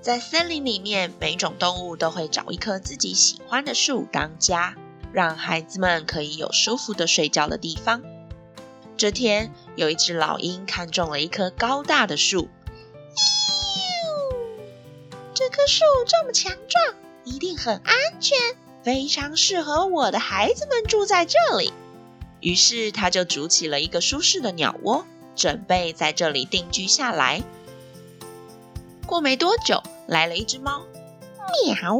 在森林裡面，每種動物都會找一棵自己喜歡的樹當家，讓孩子們可以有舒服的睡覺的地方。這天，有一隻老鷹看中了一棵高大的樹。這棵樹這麼強壯，一定很安全，非常適合我的孩子們住在這裡。於是，它就築起了一個舒適的鳥窩，準備在這裡定居下來。過沒多久，來了一只貓，喵！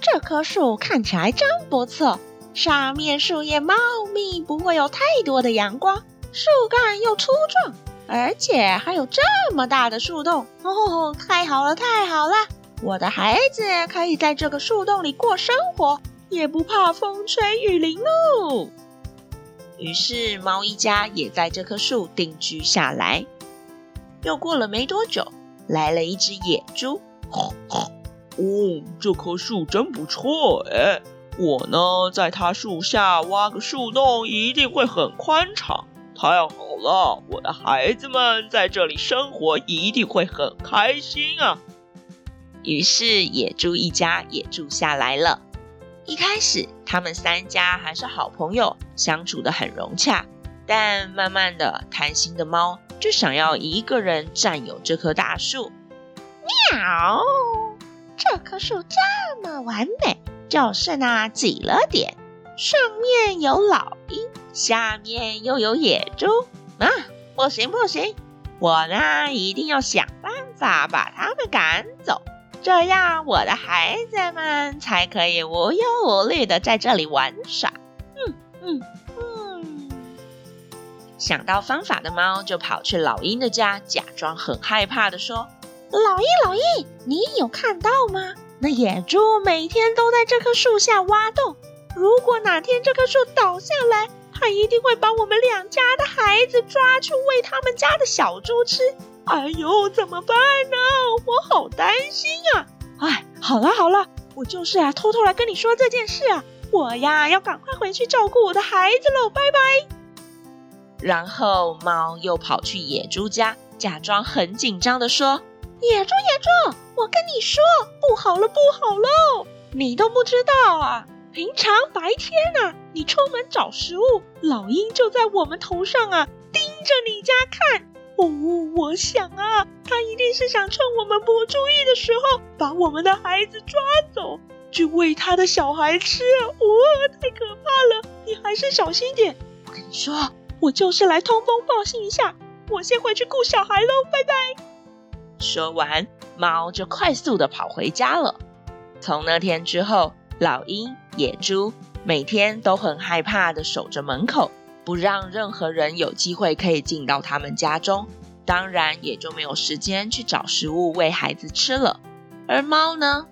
這棵樹看起來真不錯，上面樹葉茂密，不會有太多的陽光，樹幹又粗壯，而且還有這麼大的樹洞，哦，太好了，太好了！我的孩子可以在這個樹洞裡過生活，也不怕風吹雨淋哦。於是貓一家也在這棵樹定居下來。又過了沒多久。來了一隻野豬，嘿嘿，哦，這棵樹真不錯誒，我呢，在它樹下挖個樹洞，一定會很寬敞。太好了，我的孩子們在這裡生活一定會很開心啊。於是野豬一家也住下來了。一開始，他們三家還是好朋友，相處得很融洽。但慢慢的，貪心的貓。就想要一個人占有這棵大樹。喵！這棵樹這麼完美，就是那擠了點。上面有老鷹，下面又有野豬。啊，不行不行，我呢一定要想辦法把它們趕走，這樣我的孩子們才可以無憂無慮的在這裡玩耍。嗯嗯。想到方法的貓就跑去老鷹的家，假裝很害怕地說：“老鷹，老鷹，你有看到嗎？那野豬每天都在這棵樹下挖洞，如果哪天這棵樹倒下來，它一定會把我們兩家的孩子抓去餵他們家的小豬吃。哎呦，怎麼辦呢？我好擔心啊！哎，好了好了，我就是啊偷偷來跟你說這件事啊。我呀，要趕快回去照顧我的孩子嘍，拜拜。”然後貓又跑去野豬家，假裝很緊張的說：“野豬，野豬，我跟你說，不好了，不好嘍！你都不知道啊，平常白天呢、啊，你出門找食物，老鷹就在我們頭上啊，盯着你家看。哦，我想啊，它一定是想趁我們不注意的時候，把我們的孩子抓走，去餵它的小孩吃。哦，太可怕了！你還是小心點。我跟你說。”我就是來通風報信一下，我先回去顧小孩嘍，拜拜。說完，貓就快速地跑回家了。從那天之後，老鷹、野豬每天都很害怕地守着門口，不讓任何人有機會可以進到他們家中，當然也就沒有時間去找食物餵孩子吃了。而貓呢？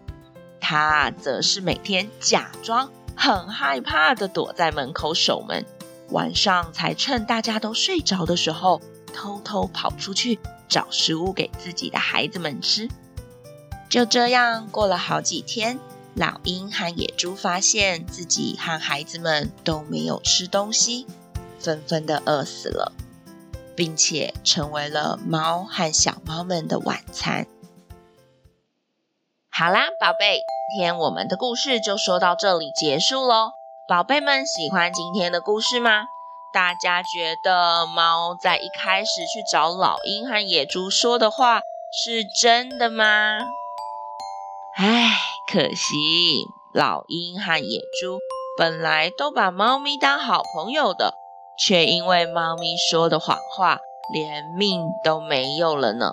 它則是每天假裝很害怕地躲在門口守門。晚上才趁大家都睡着的時候，偷偷跑出去找食物給自己的孩子們吃。就這樣過了好幾天，老鷹和野豬發現自己和孩子們都沒有吃東西，紛紛地餓死了，並且成為了貓和小貓們的晚餐。好啦，寶貝，今天我們的故事就說到這裡結束嘍。寶貝們喜歡今天的故事嗎？大家覺得貓在一開始去找老鷹和野豬說的話是真的嗎？唉，可惜，老鷹和野豬本來都把貓咪當好朋友的，卻因為貓咪說的謊話，連命都沒有了呢。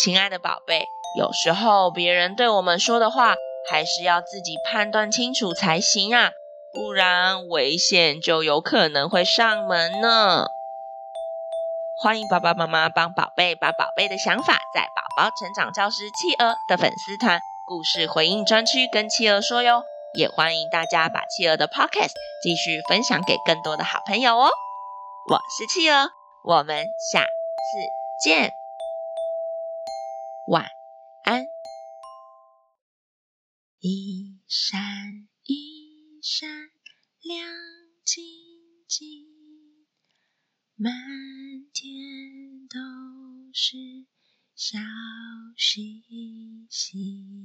親愛的寶貝，有時候別人對我們說的話，還是要自己判斷清楚才行啊，不然危險就有可能會上門呢。歡迎爸爸媽媽幫寶貝把寶貝的想法在寶寶成長教師企鵝的粉絲團故事回應專區跟企鵝說喲，也歡迎大家把企鵝的 Podcast 繼續分享給更多的好朋友哦。我是企鵝，我們下次見，晚。一閃一閃亮晶晶，滿天都是小星星。